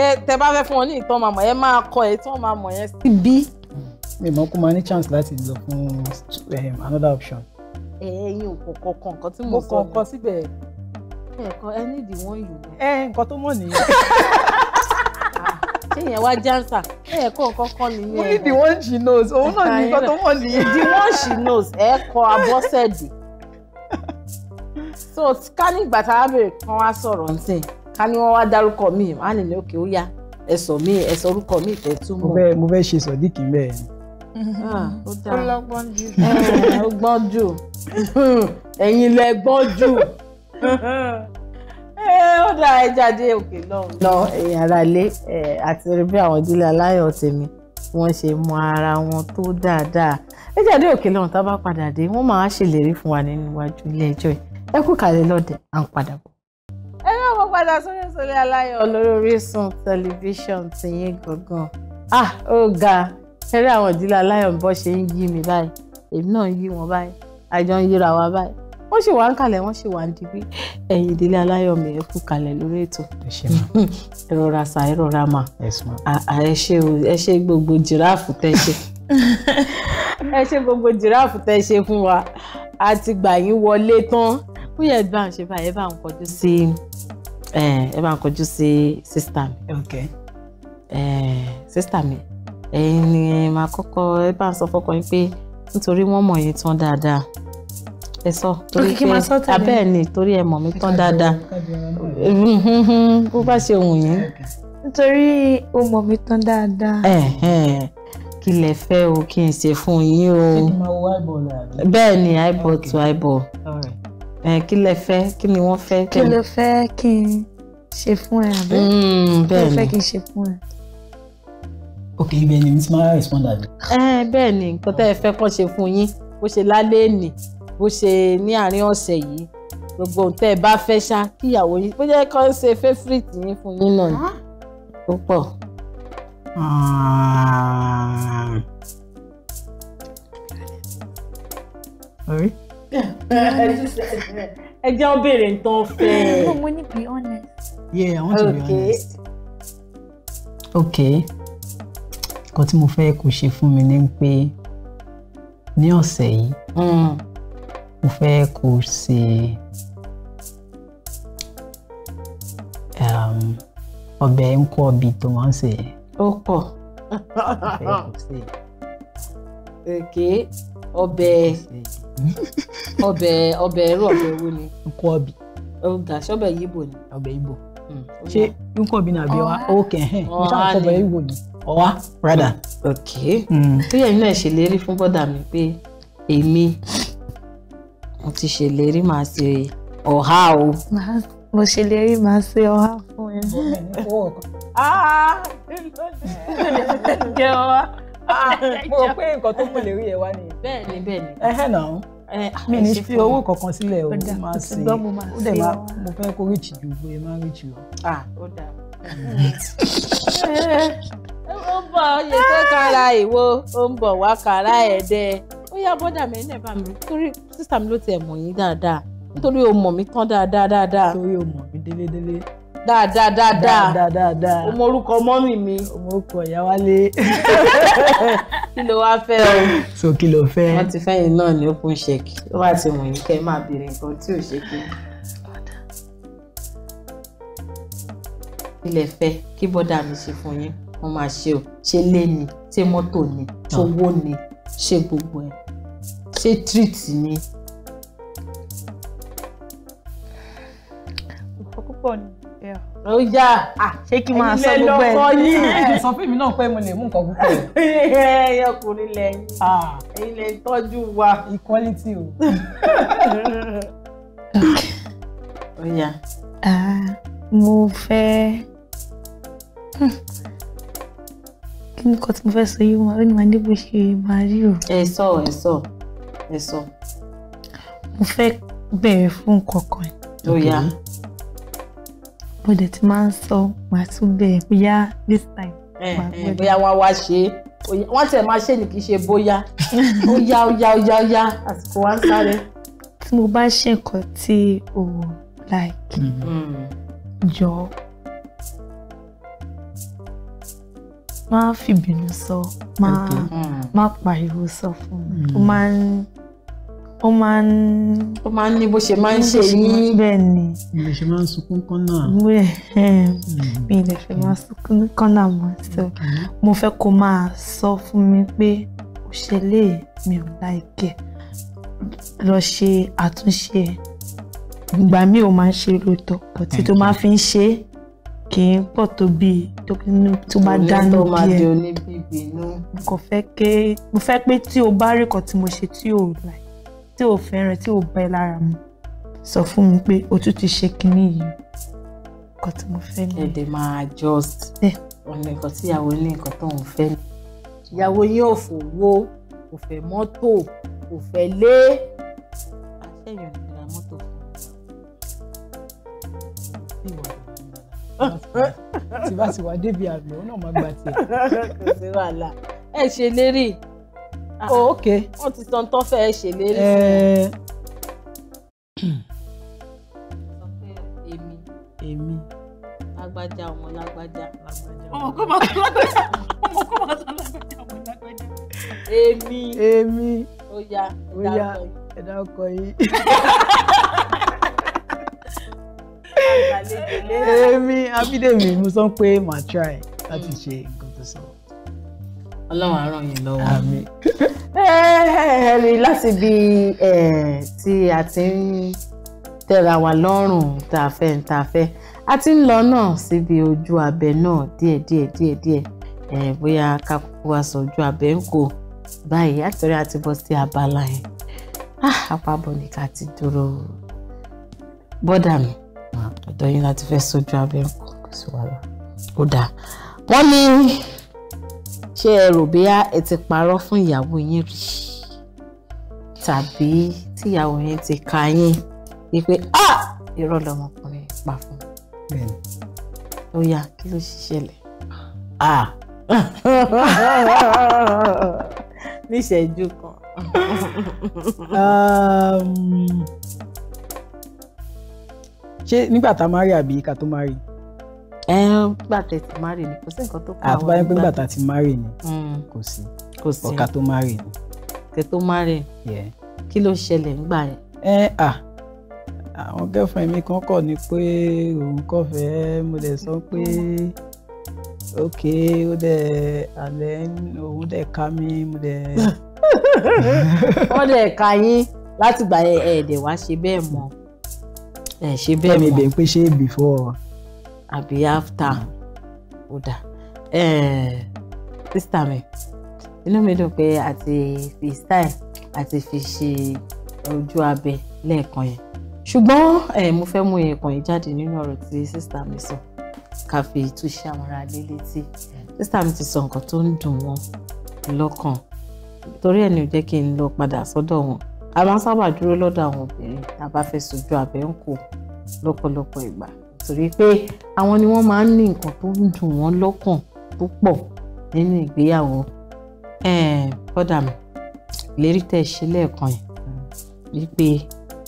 ẹ tẹ bá fẹ́ fún ọ ní ìtàn màmá ẹ máa kọ ẹ tí wọ́n máa mọ̀ yẹn sí mi mọ̀ máa ní chance láti lọ fún um, another option. ẹyin ò kọ̀ọ̀kan kan nǹkan tí mo sọ. mo kọ̀ọ̀kan síbẹ̀. ẹ̀ẹ̀kan ẹ ní ìdíwọ́n yìí. ẹ nǹkan tó mọ̀ nìyẹn. Ah, ṣé ìyẹn wá jáǹsà ẹ̀ẹ̀kan nǹkan kan nìyẹn. only the one she knows òun náà ní nǹkan tó mọ̀ nìyẹn. the one she knows ẹ̀ẹ̀kan abọ́sẹ̀dì. so ká ní ìgbà tá a béèrè kan wá sọ̀rọ̀ nsìn ká ní wọ́n wá dárúkọ mi wọn á lè ní òkè ó yá ẹ̀sọ̀ mi ẹ̀sọ̀ orúkọ mi ìfẹ́ tún mọ̀. mo fẹ́ ṣe sọ̀díkì bẹ́ẹ̀ ó lọ́gbọ́n jù. ó gbọ́n jù ẹ̀yin lẹ gbọ́n jù eh, ó dára ẹ jáde òkè lọ́hùn. lọ ẹ̀yin ará ilé àti rí bí àwọn ìdílé aláyọ̀ tèmi wọ́n ṣe mọ ara wọn tó dáadáa ẹ jáde òkè lọ́hùn tá a bá padà dé wọ́n máa ṣèlérí fún wa nínú iwájú ilé ẹjọ́ yìí ẹ kú kàlẹ́ lọ́dẹ̀ à ń padà bọ̀. ẹ náà mo padà sórí ìsọlẹ̀ aláyọ̀ lórí Orísun tẹlifíṣàn tìyín gangan ah ó ga ẹrí àwọn ìdílé aláyọ̀ bọ́ ṣe ń yí mi báyìí èmi náà ń yí wọn báyìí àjọ ń yíra wa báyìí wọ́n ṣì wà ń kalẹ̀ wọ́n ṣì wà ń dibí ẹ̀yin ìdílé aláyọ̀ mi ẹ̀ kú kalẹ̀ lórí ètò ẹ rọra sà ẹ rọra mà ẹ ṣe ẹ ṣe gbogbo jìráàfù tẹ́ ṣe ẹ ṣe gbogbo jìráàfù tẹ́ ṣe fún wa a ti gbà yín wọlé tán fún yẹn bá ń ṣe báyìí ẹ bá ń kọjú sí ẹ bá ń kọjú sí sísítà mi sísítà mi ẹ̀yin ni ẹ máa kọ́kọ́ ẹ bá sọ fọ́kọ yín pé nítorí wọ́n mọ̀ yín tán dáadáa ẹ sọ torí pé abẹ́ẹ̀ ni torí ẹ mọ̀ mí tán dáadáa bó bá ṣe wù yín. nítorí o mọ̀ mí tán dáadáa. kí lẹ fẹ́ o kí n ṣe fún yín o bẹ́ẹ̀ ni eyeball to eyeball kí lẹ fẹ́ kí ni wọ́n fẹ́. kí ló fẹ́ kí n ṣe fún ẹ àbẹ́ mm, kí ló fẹ́ kí n ṣe fún ẹ ok ibẹ̀ ni miss mara respond àbí. ẹ eh, bẹ́ẹ̀ ni nǹkan tẹ́ ẹ fẹ́ kàn ṣe fún yín bó ṣe lálẹ́ ènì bó ṣe ní àárín ọ̀sẹ̀ yìí gbogbo tẹ́ ẹ bá fẹ́ ṣá kí ìyàwó yín bó jẹ́ kọ́ ṣe favourite yín fún yín náà ni ó pọ̀. Ah. ẹ jẹ́ ó béèrè nǹkan fẹ́. mo ní be honest. yeah i want to be honest. okay. okay nǹkan tí mo fẹ́ kó ṣe fún mi ni pé ní ọ̀sẹ̀ yìí mm. um, mo fẹ́ kó ṣe ọbẹ̀ ńkọ́ ọbì tó máa ń ṣe yẹn. ó pọ̀ òkè ọbẹ̀ ọbẹ̀ ọbẹ̀ ẹ̀rọ ọbẹ̀ wo ni. ńkọ́ ọbì. ó ga ṣọ́bẹ̀ yìí bò ni. ọbẹ̀ yìí bò. Mm, ṣé ńkọ́ ọbì náà bí wa ó kẹ̀ ń ṣàkóso ọbẹ̀ yìí bò ni ọwá rádà. ok hmm. tí ẹ̀yin náà ṣèlérí fún bọ́dà mi pé èmi mo ti ṣèlérí máa ṣe ọ̀há o. mo ṣèlérí máa ṣe ọ̀há fún ẹ. jẹ́ ọ̀há mo rò pé nǹkan tó mú lérí ẹ wá nìyẹn. bẹ́ẹ̀ni bẹ́ẹ̀ni. ẹhẹ́ náà mi ní fi owó kankan sílẹ̀ o máa ṣe o dẹ̀ máa mo fẹ́ kó ríjì ju bóyá máa ríjì lọ. Ah, ó dáa. ó ń bọ̀ oyè tó kára ìwo ó ń bọ̀ wá kára ẹ̀dẹ́ ó yá bọ́dà mi ẹ̀ bá mi torí sísà mi ló tiẹ̀ mọ̀ yín dáadáa nítorí o mọ̀ mí tán dáadáa dáadáa. torí o mọ̀ mí délédélé. dáadáa dáadáa dáadáa o mọ orúkọ mọ́mì mi. o mọ orúkọ ìyá wálé. kí ló wá fẹ́ o. so kí ló fẹ́. wọ́n ti fẹ́yìn náà ní open shake ó bá ti wọ̀nyí kẹ́ máa béèrè nǹkan tí ò ṣe kí. ilẹ̀ fẹ́ kí bọ́dà mi ṣe fún yín wọ́n máa ṣe o ṣe lé ni ṣe mọ́tò ni ṣowó ah. ni ṣe gbogbo ẹ̀ ṣe treat ni. ọ̀pọ̀ púpọ̀ ni ó yá ah, ṣé kí n máa sọ gbogbo ẹ ilé lọkọ yìí ẹ sọ fún mi náà pé mo lè mú nǹkan púpọ̀. ẹ ọkùnrin lẹ́yìn ah. ẹ̀yin lè tọ́jú wa. equality o. ó yá. mo fẹ́ hmm, kí nǹkan tí mo fẹ́ sọ yìí wọn ó ní máa ní bó ṣe máa rí o. ẹ sọ ẹ sọ ẹ sọ. mo fẹ́ bẹ̀rẹ̀ fún nǹkan kan. ó yá. mo dẹ̀ ti máa ń sọ màá tún bẹ̀rẹ̀ bóyá this time. bóyá wọn wá ṣe é wọn tẹ máa ṣe ni kì í ṣe bóyá ó yá ó yá àsìkò wa ń sáré. tí mo bá ṣe nǹkan tí o like mm-hmm. mm. jọ̀ọ́. máa fìbínú sọ máa mm. máa pariwo sọ fún mi ó mm. máa ń ó máa ń. ó máa ń ní bó ṣe máa ń ṣe yín. bẹ́ẹ̀ ni. ilé ṣe máa ń sunkún kan mm. mi ilé ṣe máa ń sunkún kan náà mọ́ so mo fẹ́ kó máa sọ fún mi pé òṣèlè mi ò láìkẹ́ lọ ṣe àtúnṣe ìgbà mi ò máa ń ṣe lóòótọ́ bọ̀tí tó máa fi ń ṣe é kì í pọ̀ tó bíi tó bá dá níbi ẹ̀ mo kàn fẹ́ ké mo fẹ́ pé tí o bá rí kan tí mo ṣe tí o like tí o fẹ́ràn tí o bá ẹ lára mu sọ fún mi pé o tún ti ṣe kinní yìí nǹkan tí mo fẹ́ ni. ẹ̀dẹ̀ máa adjust ọ̀nà ẹ̀kọ́ tí ìyàwó ní nǹkan tó ń fẹ́ ìyàwó yín ò fowó kò fẹ́ mọ́tò kò fẹ́ lé àṣẹyàn ní ra mọ́tò tí bá ti wà débi àgbẹ̀ òun náà máa gba tiẹ̀. kò sí wàhálà ẹ ṣèlérí. Ah, oh, ok wọ́n ti tan tán fẹ́ ẹ ṣèlérí. Eh. èmi èmi lágbájá ọmọ lágbájá ọmọ kó máa tán lágbájá ọmọ kó máa tán lágbájá ọmọ lágbájá. èmi èmi ó yá ó yá ẹ̀dá ọkọ̀ yìí èmi abídèmí mo sọ pé màá try láti ṣe nǹkan tó sọ. ọlọ́run á ràn yín lọ́wọ́. àmín. ẹ̀ẹ́dì láti bí tí a ti ń tẹ̀ra wa lọ́rùn tá a fẹ́ tá a fẹ́ a ti ń lọ náà síbi ojú abẹ náà díẹ̀díẹ̀ díẹ̀díẹ̀ bóyá ká kúkú wá sọ ojú abẹ ń kó báyìí àtẹ̀rí àti bọ́ sí abala yẹn ah, àpapọ̀ ni ká ti dúró bọ́dà mi ọ̀dọ̀ yín láti fẹ́ sójú abẹ́ kò sí wàhálà ó dáa wọ́n ní ṣé ẹ rò bí ẹ ti parọ́ fún ìyàwó yín rí tàbí tíyàwó yín ti ka yín wípé ah irọ́ lọmọkùnrin pa fún mi ó yá kí ló ṣẹlẹ̀ ah níṣẹ́jú kan. Um, ṣé nígbà tá a máa rí àbí ká tó máa rí. ẹ ẹ gbà ti máa rí ni kò sí nǹkan tó kà wọ́n. àtúbáyé pé tá a ti máa rí ni hmm, kò sí kò sí ọ̀ka tó máa rí ni. kẹ tó máa rí kí ló ṣẹlẹ̀ nígbà yẹn. ẹ à àwọn girlfriend mi kan kọ̀ ni pé òun kọ̀ fẹ́ mo dẹ̀ sọ pé ok ó dẹ̀ alẹ́ òun dẹ̀ ká mi mo dẹ̀. wọ́n dẹ̀ ká yín láti gbà ẹ̀ ẹ̀ dẹ̀ wá ṣe bẹ́ẹ̀ mọ́ ẹ ṣe bẹ́ẹ̀ mọ bẹ́ẹ̀ pé ṣé before. àbí after ó dà sísítà mi inú mi dùn pé a ti fi style a ti fi ṣe ojú abẹ lẹ́ẹ̀kan yẹn ṣùgbọ́n mo fẹ́ mú ẹ̀ẹ̀kan yìí jáde nínú ọ̀rọ̀ tí sísítà mi sọ ká fi túṣe àwọn ará ilé létí sísítà mi ti sọ nǹkan tó ń dùn wọ́n lọ́kàn torí ẹ̀ ò jẹ́ kí n lọ padà sọ́dọ̀ wọn a máa ń sábà dúró lọ́dọ̀ àwọn obìnrin tá a bá fẹ́ sojú abẹ́ ń kò lọ́pọ̀lọpọ̀ ìgbà torí pé àwọn ni wọ́n máa ń ní nǹkan tó ń dùn wọ́n lọ́kàn tó pọ̀ nínú ìgbéyàwó kódà mi lérí tẹ̀ ṣe lẹ́ẹ̀kan yẹn wípé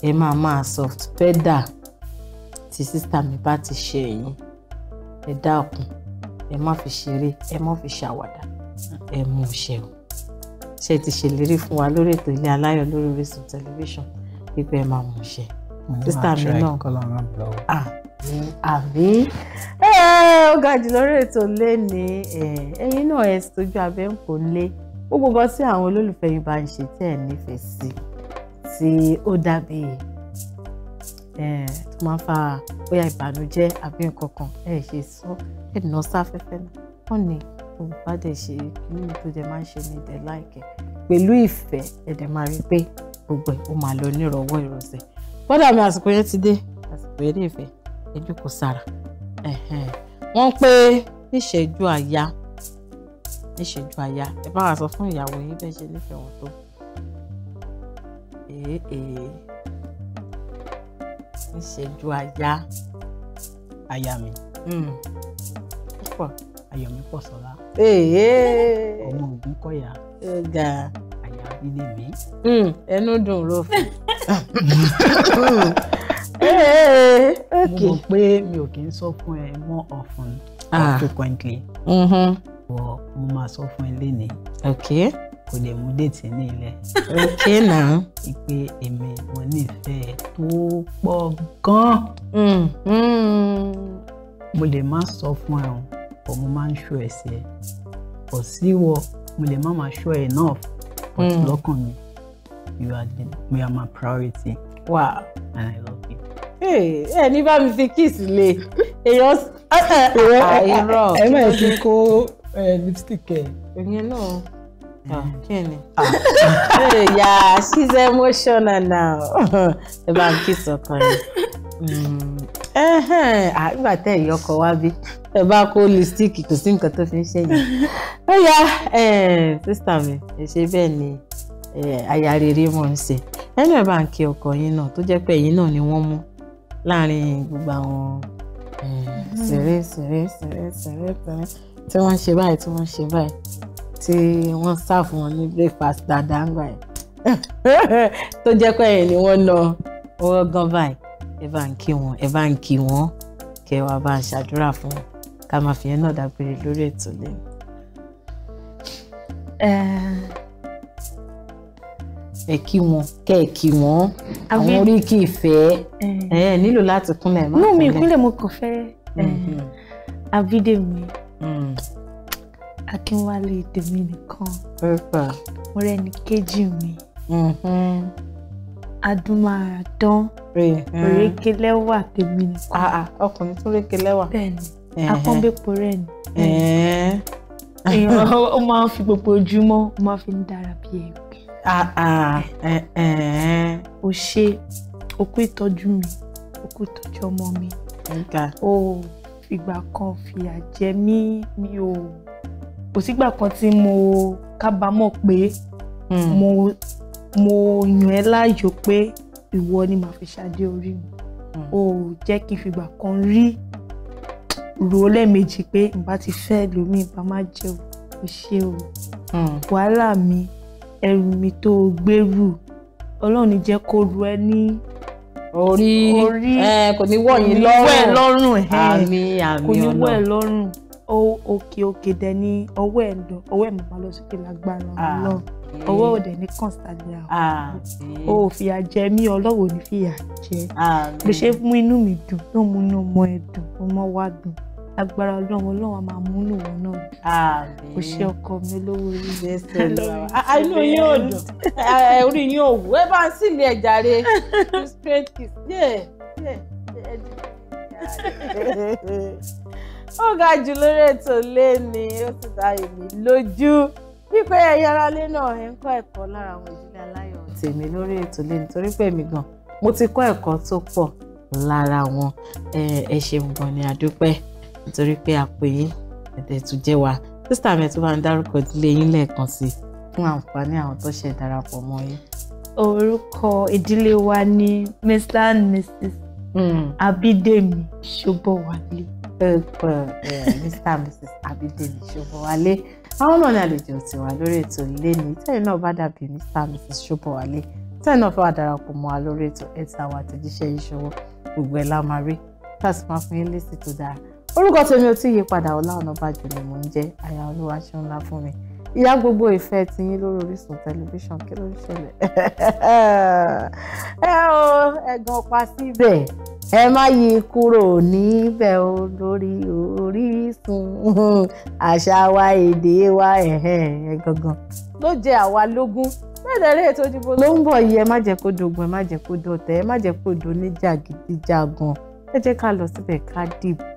ẹ máa máa soft pedal tí sísítà mi bá ti ṣe ẹ̀yìn ẹ dákun ẹ má fi ṣeré ẹ má fi ṣàwàdà ẹ mú un ṣe ti ṣèlérí fún wa lórí ètò ilé aláyọ̀ lórí Orísun tẹlifíṣàn pípẹ ẹ máa mú ṣe sísá mi náà àbí ó ga jù lórí ètò lé ní ẹ̀yin náà ẹ sojú abẹ ń kò lé gbogbo bọ́ sí àwọn olólùfẹ́ yín bá ń ṣe tẹ́ ẹ̀ nífẹ̀ẹ́ sí tí ó dàbí tó máa ń fa bóyá ìbànújẹ́ àbí nǹkan kan ẹ ṣe sọ ẹ̀ nà sáfẹ́fẹ́ náà wọ́n ní bá dẹ̀ ṣe kíní tó dẹ̀ máa ń ṣe ní ìdẹ̀ láìkẹ́ pẹ̀lú ìfẹ́ ẹ̀dẹ̀ máa rí pé gbogbo ẹ̀ ó máa lọ nírọ̀wọ́ ìrọ̀sẹ̀ bọ́dà mi àsìkò yẹn ti dé àsìkò eré ìfẹ́ ẹjú kò sára wọ́n ń pé níṣẹ́jú àyà níṣẹ́jú àyà ẹ bá wa sọ fún ìyàwó yín bẹ́ẹ̀ ṣe nífẹ̀ẹ́ wọn tó níṣẹ́jú àyà àyà mi. púpọ̀. Hmm ayọ̀mí pọ̀ṣọ́lá ọmọ ògúnkọ̀yà àyà ilé mi. Hmm, ẹnu dùn ló fún mo mọ̀ pé mi ò kí ń sọ fún ẹ more often ah. frequently wọ mm-hmm. mo máa sọ fún ẹ lénìí kò lè mú déètì ní ilẹ̀. ìpè èmi mo nífẹ̀ẹ́ tó pọ̀ gan-an. Mm, mm. mo lè má sọ fún ẹ o but mo máa ń ṣọ́ ẹsẹ̀ but síwọ mo lè má máa ṣọ́ enough but mm. lọ́kàn mi you are the you are my priority. wow and i love you. ẹ ní bá mi fi kiss le èèyàn àìrọ ah, ẹ má ẹ ti kó lipstick ẹ. ìyẹn náà ah, hmm. kíni. yeah she's emotional now ẹ bá ń kiss ọkàn rẹ àgbà tẹ ìyọkọ wá bí ẹ bá kó lipstick kò sí nǹkan tó fi ń ṣe yìí ó yá sísítà mi ẹ ṣe bẹ́ẹ̀ ni aya rere mọ̀ ń ṣe ẹnu ẹ̀ bá ń kí ọkọ yín náà tó jẹ́ pé ẹ̀yin náà ni wọ́n mú láàrin gbogbo àwọn ṣeré ṣeré ṣeré ṣeré ṣeré tí wọ́n ń ṣe báyìí tí wọ́n ń ṣe báyìí tí wọ́n sá fún wọn ní breakfast dáadáa ń gbà yẹn tó jẹ́ pé ẹ̀yin ni wọ́n lọ wọ́n gan báyìí ẹ bá ń kí wọn ẹ bá ń kí wọn kẹ wá bá ń ṣàdúrà fún wọn ká máa fi yẹn náà dágbére lórí ètò lẹ́nu. ẹ kí wọn kẹ ẹ kí wọn àwọn oríkì ìfẹ́ ẹ nílò láti kúnlẹ̀ má kúnlẹ̀. inú mi ìkúnlẹ̀ mo kàn fẹ́ mm-hmm. abídèmí mm. akínwálé tèmi nìkan mo rẹ́ni kejì mi. Mm-hmm adúmáradán òrékelẹ́wà mm. tèmi nìkan. Ah, ah, ọkùnrin tún rékelẹ́wà. bẹ́ẹ̀ni apọ́nbépo rẹ̀ ni. èèyàn ó máa ń fi gbogbo ojúmọ́ ó máa fi ń dára bí ẹgbẹ́. Ah, o ṣe o kú ìtọ́jú mi o kú ìtọ́jú ọmọ mi o ìgbà kan fìyà jẹ mí mi ò kò sígbà kan tí mo kábàámọ̀ pé hmm. mo. Mm mo yàn ẹ́ láàyò pé ìwọ ni màá fi ṣadé orí mi hmm. o jẹ́ kí n fìgbà kan rí rò lẹ́ẹ̀mejì pé n bá ti fẹ́ lómi ìbá má jẹ́ o kò ṣe o hmm. wàhálà mi ẹrù mi tó o gbèrú ọlọ́run jẹ́ kó ru ẹ ní orí kò ní wọ̀ yín lọ́rùn àmì àmì ọ̀nà òkè òkè dẹ ọwọ́ ẹ̀ lọ ọwọ́ ẹ̀ màmá lọ sókè lágbára ah. ọlọ́run ọwọ́ òde ní kọ̀ǹsàlẹ̀ ah, o ò fìyà jẹ mí ọlọ́wọ́ ní fìyà jẹ ló ṣe mú inú mi dùn ló mú inú ọmọ ẹ dùn ọmọ wa dùn agbára ọlọ́run ọlọ́run a máa múnú wọn náà dùn kò ṣe ọkọ mi olówó orí mi ẹsẹ̀ lọ ah, ah, inú yín ò dùn eh, eh, orí yín ò wú ẹ bá ń sìn ní ẹ̀jà re ó ga jù lórí ètò lé ní ó ti dá èmi lójú wípé ẹ̀yin aráalé náà ẹ̀ ń kọ́ ẹ̀kọ́ lára àwọn ìdílé aláyọ̀ tèmi lórí ètò lẹ́nu torí pé èmi gan mo ti kọ́ ẹ̀kọ́ tó pọ̀ lára wọn ẹ ṣeun gan ni àdúpẹ́ nítorí pé àpò yìí ẹ̀dẹ̀ tún jẹ́ wa sísítà mi tún máa ń dárúkọ ìdílé yín lẹ́ẹ̀kan sí i fún àǹfààní àwọn tó ṣe darapọ̀ mọ́ yín. orúkọ ìdílé wa ni mr and mrs hmm. abídèmí ṣọbọwálé. mr and mrs abídèmí ṣọbọwálé àwọn náà ní àlejò tiwa lórí ètò ilé ní tẹ́yìn náà bá dàbí Mr Mrs Ṣóbọ̀wálé tẹ́yìn náà fẹ́ wà darapọ̀ mọ́ wa lórí ètò ẹ̀ta àwọn àtẹ̀jíṣẹ́ ìṣòwò gbogbo ẹ̀ la máa rí láti máa fún yín lésì tó dára orúkọ tèmi ò tí ì yí padà Ọlá Ọ̀nàbàjọ ni mò ń jẹ́ àyà olúwa ṣe ńlá fún mi ìyá gbogbo ìfẹ́ ti yín lórí Orísun tẹlifíṣàn kí ló ń ṣẹlẹ̀ ẹ o ẹ̀gàn pa síbẹ̀ ẹ má yí kúrò níbẹ̀ o lórí Orísun àṣà wa èdè wa ẹ̀hẹ́ gangan ló jẹ àwa lógún lẹ́dẹ̀ẹ́rẹ́ ètò ìdìbò ló ń bọ̀ yìí ẹ má jẹ́ kó dogun ẹ má jẹ́ kó dọ̀tẹ̀ ẹ má jẹ́ kó do ní jàgídíjàgan ẹ jẹ́ ká lọ síbẹ̀ ká dìbò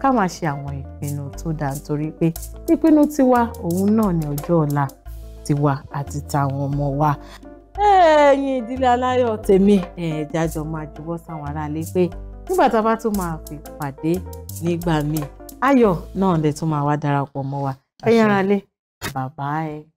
ká máa ṣe àwọn ìpinnu tó dáa nítorí pé ìpinnu tiwa òun náà ni ọjọ́ ọ̀la tiwa àti tàwọn ọmọ wa ẹ̀yin ìdílé aláyọ̀ tèmi ẹ̀ẹ́dájọ máa jọ̀wọ́ sáwọn aráalé pé nígbà tá a bá tún máa fi pàdé nígbà míì ayọ̀ náà lè tún máa wá darapọ̀ mọ́ wa ẹ̀yin aráalé bàbá ẹ̀.